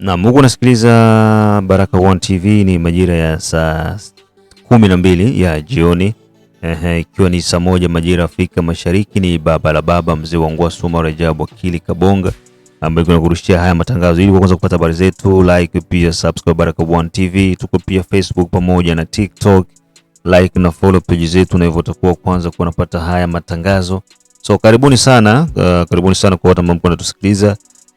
Na Mungu nasikiliza Baraka One TV, ni majira ya saa kumi na mbili ya jioni ehe, ikiwa ni saa moja majira Afrika Mashariki. Ni baba la baba mzee wa ngua Suma Rajabu Akili Kabonga ambaye tunakurushia haya matangazo ili kwanza kupata habari zetu, like pia subscribe Baraka One TV. Tuko pia Facebook pamoja na TikTok, like na follow page zetu, na hivyo utakuwa kwanza kuwa unapata haya matangazo. So karibuni sana, uh, karibuni sana kwa watu ambao mko natusikiliza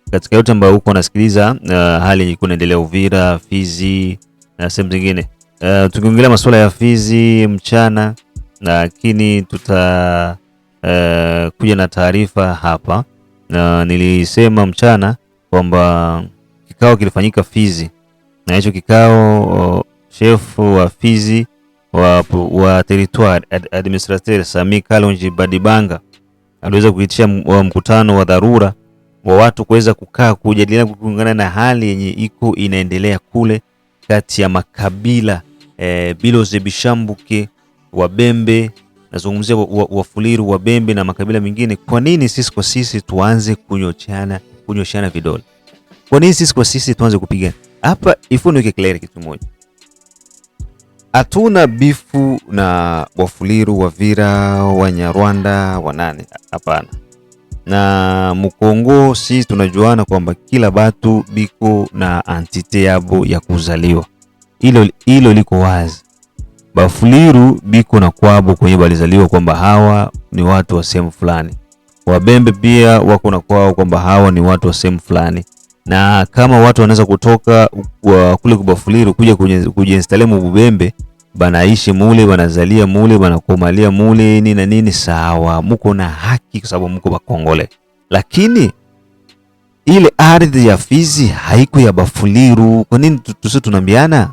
katika yote ambayo huko unasikiliza, uh, hali ilikuwa inaendelea Uvira, Fizi na sehemu zingine. Uh, tukiongelea masuala ya Fizi mchana, lakini tuta uh, kuja na taarifa hapa na uh, nilisema mchana kwamba kikao kilifanyika Fizi na hicho kikao uh, shefu wa Fizi wa, wa territoire ad, administrateur Sami Kalonji Badibanga aliweza kuitisha mkutano wa dharura wa watu kuweza kukaa kujadiliana kulingana na hali yenye iko inaendelea kule kati ya makabila e, Biloze Bishambuke Wabembe, nazungumzia Wafuliru Wabembe na makabila mengine. Kwa nini sisi kwa sisi tuanze kunyoshana kunyoshana vidole? Kwa nini sisi kwa sisi tuanze kupigana hapa? Ifunike clear kitu moja, hatuna bifu na Wafuliru Wavira Wanyarwanda wanane, hapana na mukongo si tunajuana kwamba kila batu biko na antite yabo ya kuzaliwa, hilo liko wazi. Bafuliru biko na kwabo kwenye balizaliwa kwamba hawa ni watu wa sehemu fulani. Wabembe pia wako na kwao kwamba hawa ni watu wa sehemu fulani, na kama watu wanaweza kutoka uh, kule kubafuliru kuja kujiinstale mububembe banaishi mule, banazalia mule, banakomalia mule, nini na nini, sawa, muko na haki kwa sababu muko bakongole, lakini ile ardhi ya Fizi haiku ya Bafuliru. Kwa nini tusi tunambiana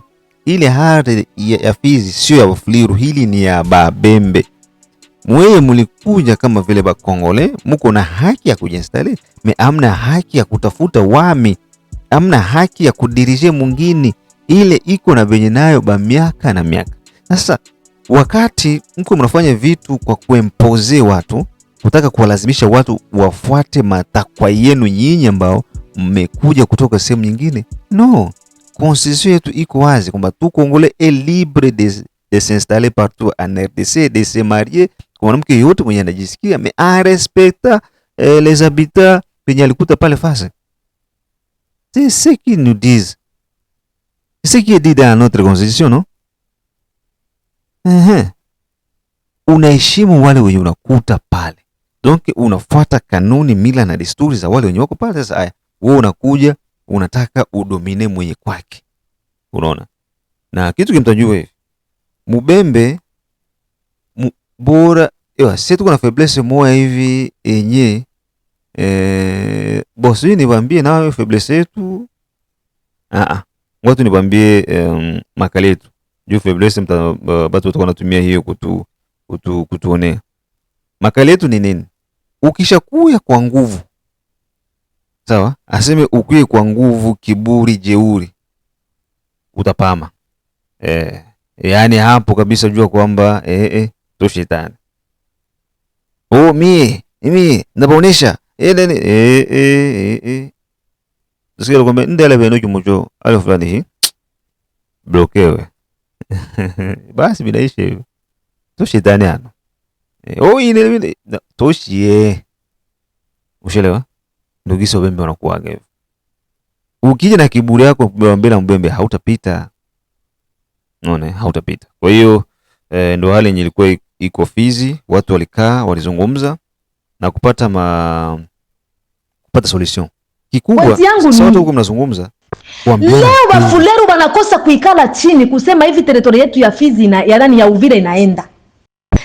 ile ardhi ya Fizi sio ya Bafuliru? Hili ni ya Babembe. Mweye mulikuja kama vile bakongole, muko na haki ya kujinstali me amna haki ya kutafuta wami, amna haki ya kudirije mungini ile iko na venye nayo ba miaka na miaka. Sasa wakati mko mnafanya vitu kwa kuempoze watu, kutaka kuwalazimisha watu wafuate matakwa yenu nyinyi ambao mmekuja kutoka sehemu nyingine, no. Constitution yetu iko wazi kwamba tu Congolais e libre de, de s'installer partout en RDC de se marier kwa mwanamke yote mwenye anajisikia me a respecta eh, les habitants penye alikuta pale fasi. C'est ce qu'ils nous disent. Ce qui est dit dans notre constitution, no? Ehe. Unaheshimu wale wenye unakuta pale. Donc unafuata kanuni, mila na desturi za wale wenye wako pale. Sasa haya, eh. wewe unakuja unataka udomine mwenye kwake. Unaona? Na kitu kimtajua hivi. Mubembe bora ewa, sisi tuko na faiblesse moja hivi yenye eh, bosi niwaambie nayo faiblesse yetu. Ah ah. Watu nikwambie, um, makala yetu juu faiblesse mta watu watakuwa wanatumia hiyo kutu, kutu, kutuonea. Makala yetu ni nini? Ukishakuya kwa nguvu sawa, aseme ukuye kwa nguvu, kiburi, jeuri, utapama eh, yaani hapo kabisa jua kwamba eh, eh, tu shetani oh, mie mimi nabaonesha eh, eh, eh, eh, eh. Nasikia kwamba ndio ile beno kimocho alio fulani hii blokewe. Basi binaishi hivyo. Tu shetani ano. E, oh ile ile toshie. Ushelewa? Ndio gisa wembe wanakuaga hivyo. Ukija na kiburi yako mbele na mbembe hautapita. Unaona, hautapita. Kwa hiyo e, ndio hali yenye ilikuwa iko Fizi, watu walikaa, walizungumza na kupata ma kupata solution kikubwa sote huko mnazungumza Leo Bafuleru wanakosa kuikala chini kusema hivi teritori yetu ya Fizi na ya nani ya Uvira inaenda.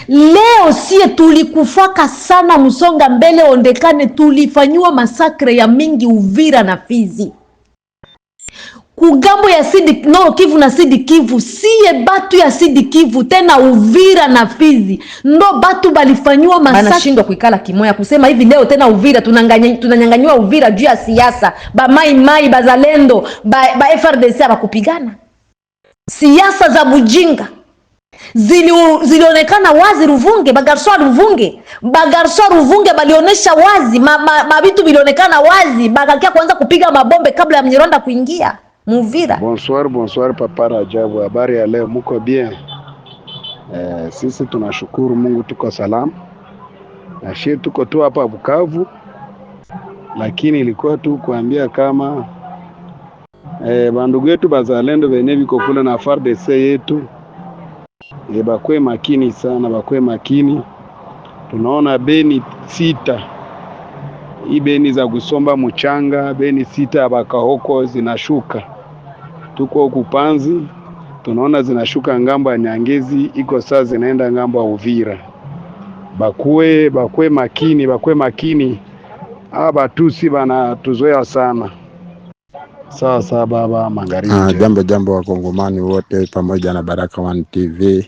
Leo sie tulikufaka sana Msonga mbele ondekane, tulifanyiwa masakre ya mingi Uvira na Fizi kugambo ya sidi noro Kivu na sidi Kivu siye batu ya sidi Kivu tena Uvira na Fizi ndo batu balifanywa masaki, kuikala kimoya kusema hivi leo tena Uvira tunanyanganywa Uvira juu ya siasa ba mai mai bazalendo ba, ba FRDC abakupigana siasa za bujinga zilionekana wazi Ruvunge, bagarsoa Ruvunge, bagarsoa Ruvunge balionesha wazi mavitu ma, ma bilionekana wazi, bakakia kuanza kupiga mabombe kabla ya Mnyarwanda kuingia Muvira. Bonsoir, bonsoir Papa Rajabu, habari ya leo? Muko bien? Eh, sisi tunashukuru Mungu, tuko salama na shie, tuko tu hapa Bukavu, lakini ilikuwa tu kuambia kama eh, bandugu yetu bazalendo venye biko kule na FARDC yetu eh, bakwe makini sana, bakwe makini. Tunaona beni sita hii beni za kusomba mchanga, beni sita ya bakahoko zinashuka tuko Panzi, tunaona zinashuka ngambo ya Nyangezi, iko saa zinaenda ngambo ya Uvira. Bakwe bakwe makini, bakwe makini. hawa Batusi banatuzoea sana. Sawa sawa baba magharibi. Ah, jambo jambo, wakongomani wote pamoja na Baraka One TV.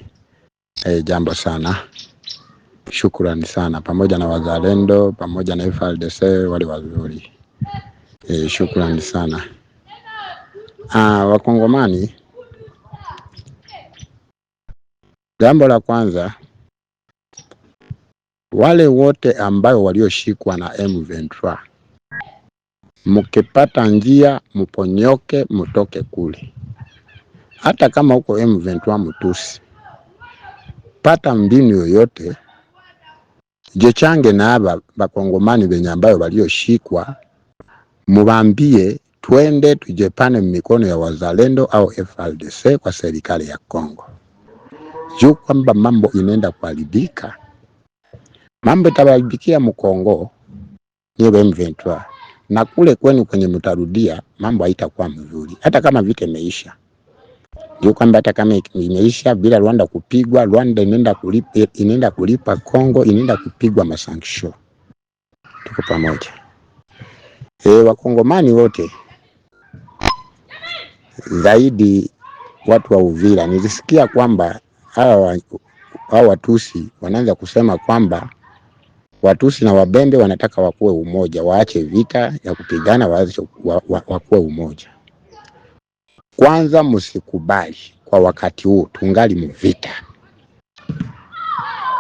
Eh, jambo sana, shukrani sana, pamoja na wazalendo pamoja na FARDC wale wazuri. Eh, shukrani sana. Ah, Wakongomani, jambo la kwanza, wale wote ambayo walioshikwa na M23 mkipata njia mponyoke, mtoke kule, hata kama uko M23 mtusi, pata mbinu yoyote jechange na aba bakongomani benye ambayo walioshikwa, mubambie Twende tujepane mikono ya wazalendo au FARDC kwa serikali ya Kongo, juu kwamba mambo inaenda kuharibika. Mambo itabaribikia mkongo ni M23, na kule kwenu kwenye mtarudia, mambo haitakuwa mzuri, hata kama vita imeisha. Juu kwamba hata kama imeisha bila Rwanda kupigwa, Rwanda inaenda kulipa, inaenda kulipa Kongo, inaenda kupigwa masanction. Tuko pamoja. E, wakongomani wote zaidi watu wa Uvira. Nilisikia kwamba hawa Watusi wanaanza kusema kwamba Watusi na Wabembe wanataka wakuwe umoja, waache vita ya kupigana, waache wakuwe umoja. Kwanza msikubali kwa wakati huu, tungali mvita,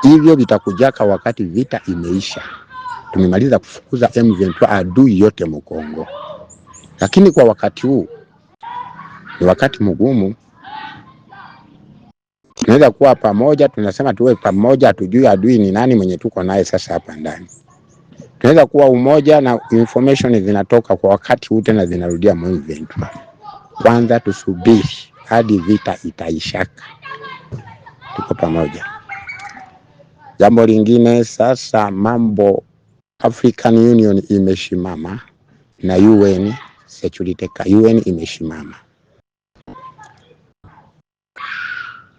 hivyo vitakujaka wakati vita imeisha. Tumemaliza kufukuza M23 adui yote Mkongo, lakini kwa wakati huu wakati mgumu. Tunaweza kuwa pamoja, tunasema tuwe pamoja, tujue adui ni nani mwenye tuko naye sasa hapa ndani. Tunaweza kuwa umoja na information zinatoka kwa wakati ute na zinarudia muhimu vitu. Kwanza tusubiri hadi vita itaishaka, tuko pamoja. Jambo lingine sasa, mambo African Union imeshimama na UN Security UN imeshimama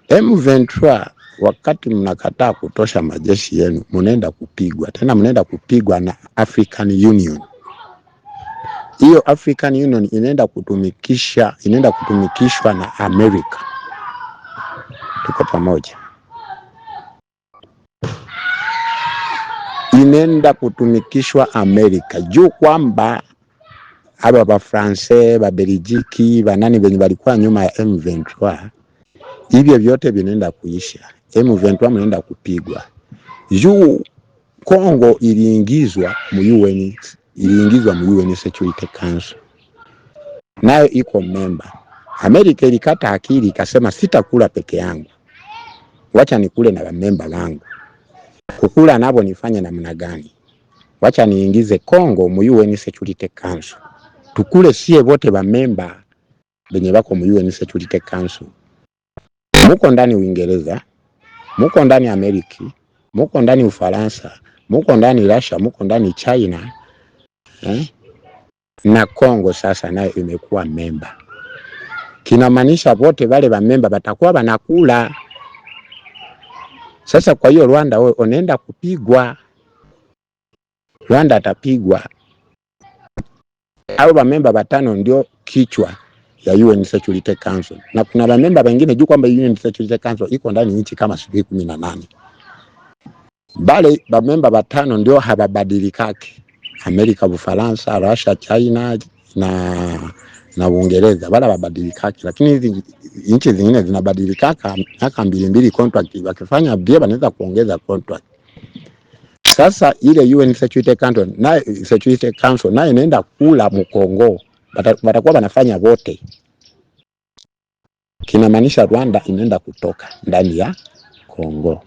M23 wakati mnakataa kutosha majeshi yenu, mnaenda kupigwa tena, mnaenda kupigwa na African Union. Hiyo African Union inaenda kutumikisha, inaenda kutumikishwa na Amerika. Tuko pamoja, inaenda kutumikishwa Amerika juu kwamba aba Belgique ba nani venye walikuwa nyuma ya M23 hivyo vyote vinaenda kuisha, M23 inaenda kupigwa. Juu Kongo iliingizwa mu UN, iliingizwa mu UN Security Council, nayo iko memba. Amerika ilikata akili ikasema, sitakula peke yangu, wacha nikule na memba langu. Kukula navo nifanye namna gani? Wacha niingize Kongo mu UN Security Council, tukule sie wote ba memba benye bako mu UN Security Council muko ndani Uingereza, muko ndani Ameriki, muko ndani Ufaransa, muko ndani Russia, muko ndani China eh? na Kongo sasa nayo imekuwa memba. Kinamaanisha wote wale memba batakuwa wanakula sasa. Kwa hiyo Rwanda wewe unaenda kupigwa, Rwanda atapigwa, au wamemba watano ndio kichwa ya UN Security Council na kuna wanamemba wengine juu kwamba UN Security Council iko ndani nchi kama sijui kumi na nane bale bamemba batano ndio hababadilikake Amerika, Ufaransa, Russia, China na na Uingereza wala babadilikake, lakini hizi nchi zingine zinabadilikaka miaka mbili mbili contract, wakifanya bia wanaweza kuongeza contract. Sasa ile UN Security Council nayo Security Council nayo inaenda kula mkongoo watakuwa wanafanya wote, kinamaanisha Rwanda inaenda kutoka ndani ya Kongo.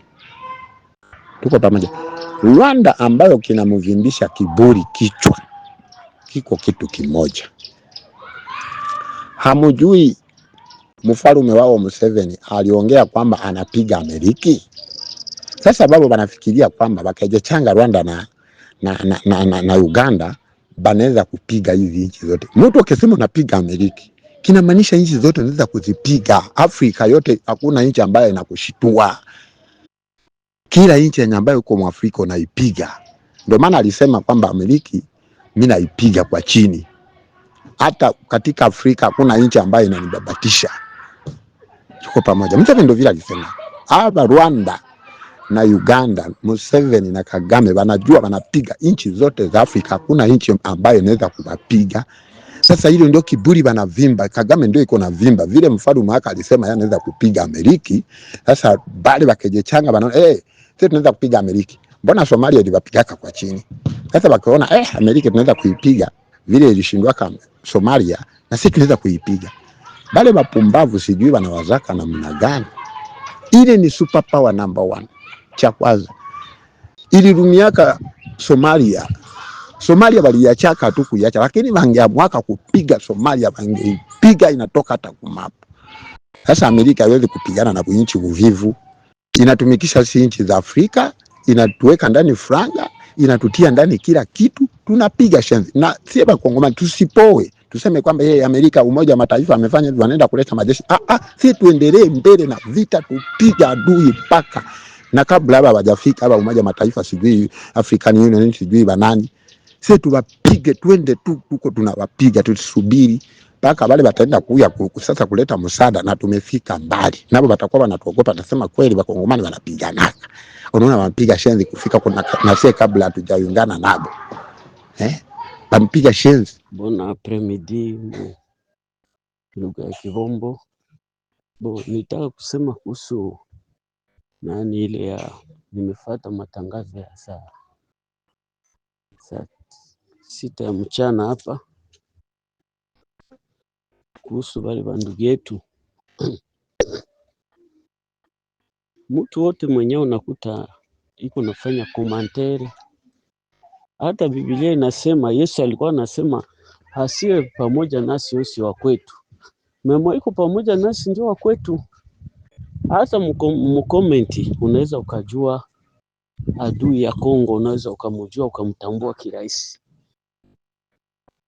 Tuko pamoja. Rwanda ambayo kinamvimbisha kiburi kichwa, kiko kitu kimoja. Hamujui mfalume wao Museveni aliongea kwamba anapiga Ameriki. Sasa babo wanafikiria kwamba changa Rwanda na, na, na, na, na, na Uganda banaweza kupiga hizi nchi zote. Mtu akisema napiga Amerika, kinamaanisha nchi zote naweza kuzipiga. Afrika yote, hakuna nchi ambayo inakushitua. Kila nchi yenye ambayo uko mwafrika unaipiga. Ndio maana alisema kwamba Amerika mimi naipiga kwa chini. Hata katika Afrika hakuna nchi ambayo inanibabatisha. Tuko pamoja. Mtu ndio vile alisema. Hapa Rwanda na Uganda, Museveni na Kagame wanajua wanapiga nchi zote za Afrika, hakuna nchi ambayo inaweza kuwapiga. Sasa hilo ndio kiburi bana vimba. Kagame ndio iko na vimba vile, mfalme wake alisema yeye anaweza kupiga Ameriki. Sasa bali wakeje changa wanaona eh, hey, tunaweza kupiga Ameriki. Mbona Somalia ilipigaka kwa chini? Sasa wakaona eh, Ameriki tunaweza kuipiga vile ilishindwa kama Somalia, na sisi tunaweza kuipiga. Bale mapumbavu sijui wanawazaka namna gani. Ile ni super power number one cha kwanza ilirumiaka Somalia. Somalia waliachaka tu kuiacha, lakini wangeamwaka kupiga Somalia wangeipiga, inatoka hata kumapo. Sasa Amerika haiwezi kupigana na nchi uvivu, inatumikisha si nchi za Afrika, inatuweka ndani franga, inatutia ndani kila kitu, tunapiga shenzi na sieba Kongoma. Tusipoe tuseme kwamba yeye Amerika, Umoja wa Mataifa amefanya wanaenda kuleta majeshi. Ah, ah, si tuendelee mbele na vita, tupiga adui mpaka na kabla haba hawajafika haba Umoja Mataifa sijui African Union sijui banani, sisi tuwapige, twende tu, tuko tunawapiga, tusubiri mpaka wale wataenda kuya sasa kuleta msaada, na tumefika mbali nao, watakuwa wanatuogopa, nasema kweli, wakongomani wanapigana, unaona wanapiga shenzi kufika kuna nafsi kabla hatujaungana nabo eh, wampiga shenzi. Bon premidi midi lugha ya Kivombo. Bon, nitaka kusema kuhusu nani ile ya nimefuata matangazo ya saa saa sita ya mchana hapa kuhusu wale bandugu yetu mtu wote mwenyewe unakuta iko nafanya komantere. Hata Biblia inasema Yesu alikuwa anasema asiye pamoja nasi usi wa kwetu, memo iko pamoja nasi ndio wa kwetu hasa mkomenti unaweza ukajua adui ya Kongo, unaweza ukamjua ukamtambua kirahisi.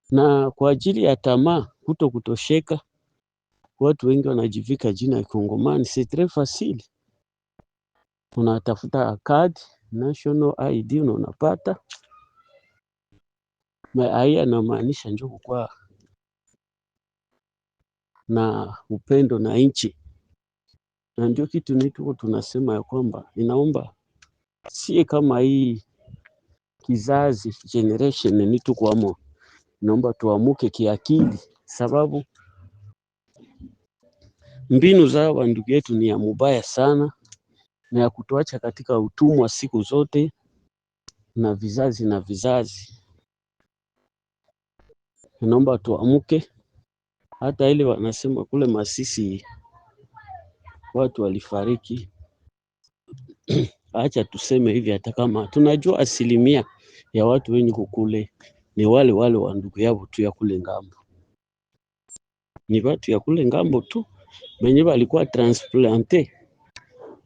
Na kwa ajili ya tamaa kuto kutosheka, watu wengi wanajivika jina ya Kongomani, c'est tres facile. Unatafuta card national ID na unapata ai, anamaanisha njo kukuwa na upendo na nchi na ndio kitu nituko tunasema ya kwamba inaomba sie kama hii kizazi generation nitukwamo, inaomba tuamuke kiakili, sababu mbinu za wandugu yetu ni ya mubaya sana na ya kutuacha katika utumwa siku zote na vizazi na vizazi. Naomba tuamuke, hata ile wanasema kule Masisi watu walifariki. Acha tuseme hivi, hata kama tunajua asilimia ya watu wenye kukule ni wale wale wa ndugu yao tu ya kule ngambo, ni watu ya kule ngambo tu benye balikuwa transplante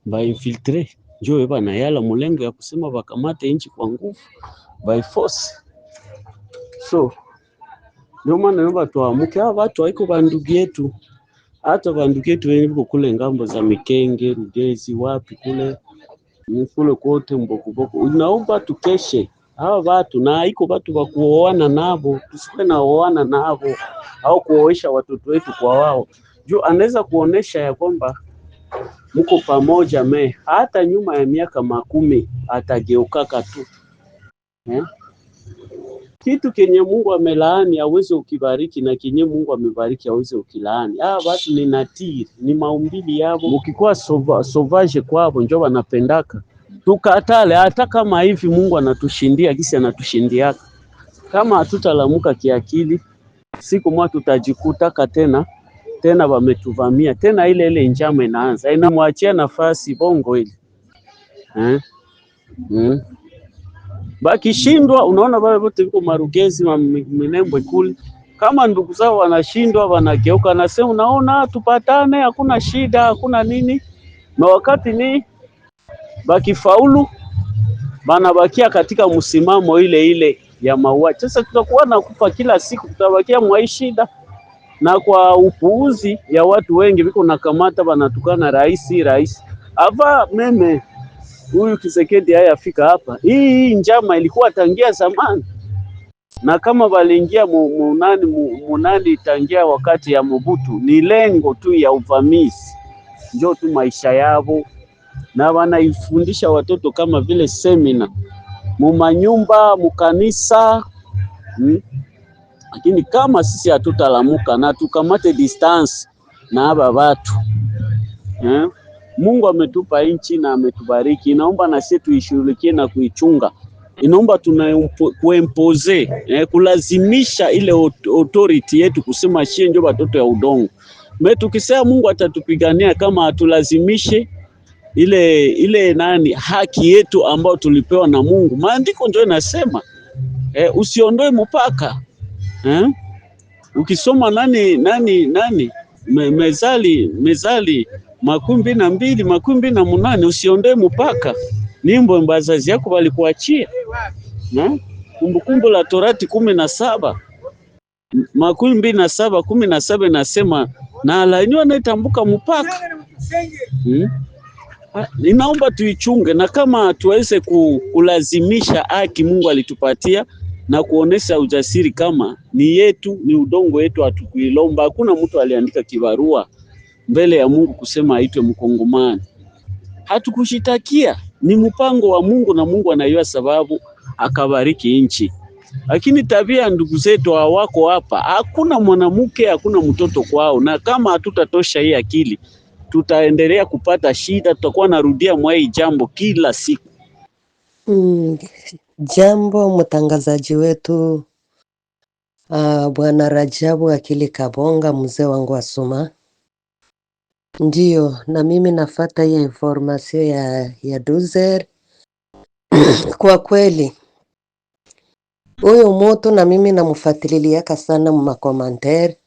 bainfiltre njo banayala mulengo ya kusema bakamate inchi kwa nguvu by force. So ndio maana naomba tuamke, hawa a batu haiko bandugu yetu hata vanduketu yetu wenye viko kule ngambo za Mikenge, Rugezi, wapi kule mfule kote mbokuboko, unaomba tukeshe hawa watu na iko watu wa kuoana navo, tusikuwe na navo au kuoesha watoto wetu kwa wao, juu anaweza kuonesha ya kwamba mko pamoja, me hata nyuma ya miaka makumi atageukaka tu eh? kitu kenye Mungu amelaani aweze ukibariki na kenye Mungu amebariki aweze ukilaani. Ah, watu ni natiri, ni maumbili yavo, Mukikuwa sovage kwavo njo wanapendaka tukatale. Hata kama hivi Mungu anatushindia kisi anatushindiaka, kama hatutalamuka kiakili, siku mwa tutajikutaka tena tena wametuvamia tena, ile ile njama inaanza, inamwachia nafasi bongo ili eh? mm bakishindwa, unaona vale vote viko marugezi minembo kule, kama ndugu zao wanashindwa, wanageuka na sema unaona, tupatane, hakuna shida, hakuna nini. Na wakati ni bakifaulu, banabakia katika msimamo ile ile ya mauaji. Sasa tutakuwa na kufa kila siku, tutabakia mwai shida na kwa upuuzi ya watu wengi viko nakamata, banatukana rais rais ava meme huyu Kisekedi haya afika hapa, hii njama ilikuwa tangia zamani, na kama waliingia munani munani tangia wakati ya Mobutu, ni lengo tu ya uvamizi, njo tu maisha yavo, na wanaifundisha watoto kama vile semina mumanyumba mukanisa hmm. Lakini kama sisi hatutalamuka na tukamate distance na aba watu hmm. Mungu ametupa nchi na ametubariki, inaomba na sisi tuishughulikie na kuichunga. Inaomba tunakuempoze eh, kulazimisha ile authority yetu kusema shie njo watoto ya udongo me. Tukisema Mungu atatupigania kama hatulazimishe ile ile nani haki yetu ambayo tulipewa na Mungu. Maandiko ndio inasema eh, usiondoe mpaka eh? Ukisoma nani nani nani me, mezali mezali makumi na mbili makumi na munane usionde mupaka nimbo mbazazi yako walikuachia na Kumbukumbu la Torati kumi na saba makumi mbili na saba kumi na saba inasema na alaaniwa anayetambuka mpaka hmm? Inaomba tuichunge na kama tuweze kulazimisha haki Mungu alitupatia na kuonesha ujasiri kama ni yetu, ni udongo wetu, hatukuilomba. Hakuna mtu aliandika kibarua mbele ya Mungu kusema aitwe Mkongomani, hatukushitakia. Ni mpango wa Mungu na Mungu anaiwa sababu, akabariki nchi. Lakini tabia ndugu zetu hawako hapa, hakuna mwanamke, hakuna mtoto kwao, na kama hatutatosha hii akili, tutaendelea kupata shida, tutakuwa narudia mwai jambo kila siku mm. Jambo mtangazaji wetu uh, Bwana Rajabu Akili Kabonga, mzee wangu wa Suma. Ndiyo, na mimi nafata hiyo informasio ya, ya Dozer kwa kweli huyo moto na mimi namfuatiliaka sana mmakomanteri,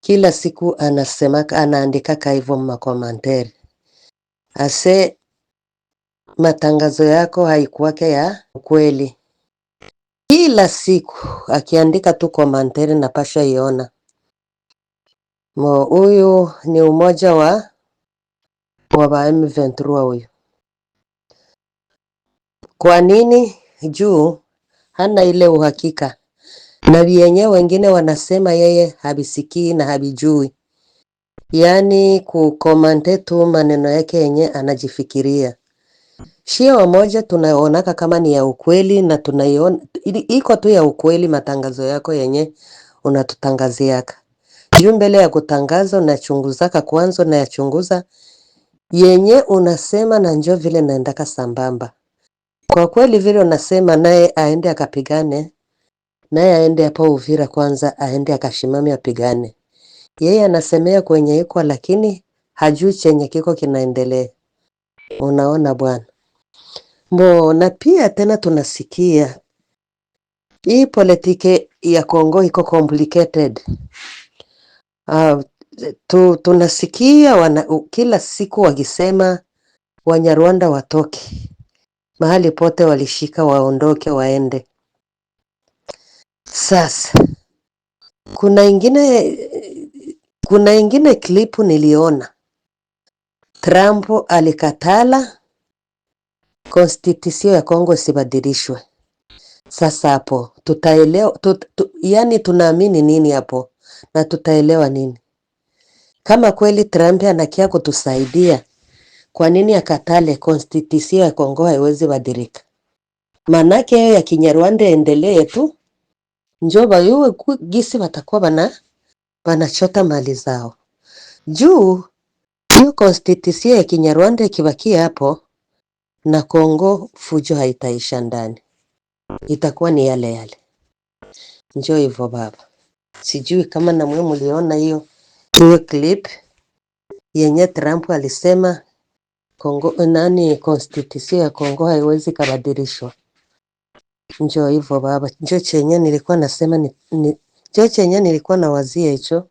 kila siku anasemaka anaandikaka hivyo mmakomanteri ase matangazo yako haikuwake ya ukweli. Kila siku akiandika tu komanteri na pasha iona mo, huyu ni umoja wa wa ba M23 huyu. Kwa nini? Juu hana ile uhakika na vienye wengine wanasema yeye habisikii na habijui, yaani kukomante tu maneno yake yenye anajifikiria Shia moja tunaonaka kama ni ya ukweli na tunaiona iko tu ya ukweli, matangazo yako yenye unatutangaziaka juu. Mbele ya kutangaza unachunguzaka kwanza, unayachunguza yenye unasema na njo vile naendaka sambamba. Kwa kweli vile unasema naye aende akapigane, naye aende hapo Uvira kwanza, aende akashimame apigane. Yeye anasemea kwenye iko, lakini hajui chenye kiko kinaendelea. Unaona bwana mbo na pia tena tunasikia hii politiki ya Kongo iko complicated. Uh, tu, tunasikia wana, kila siku wakisema Wanyarwanda watoke mahali pote walishika waondoke waende. Sasa kuna ingine, kuna ingine klipu niliona Trump alikatala Constitution ya Kongo sibadilishwe. Sasa hapo tutaelewa tut, tu, yani tunaamini nini hapo na tutaelewa nini? Kama kweli Trump anakia kutusaidia, kwa nini akatale constitution ya Kongo haiwezi badilika? Maanake hiyo ya Kinyarwanda endelee tu, njo bayuwe gisi watakuwa bana banachota mali zao juu hiyo constitution ya Kinyarwanda ikibakia hapo na Kongo fujo haitaisha ndani, itakuwa ni yale yale. Njoo hivyo baba, sijui kama na mwe mliona hiyo hiyo clip yenye Trump alisema Kongo, nani constitution ya Kongo haiwezi kabadilishwa. Njoo hivyo baba, njoo chenye nilikuwa nasema ni, ni, njoo chenye nilikuwa nawazia hicho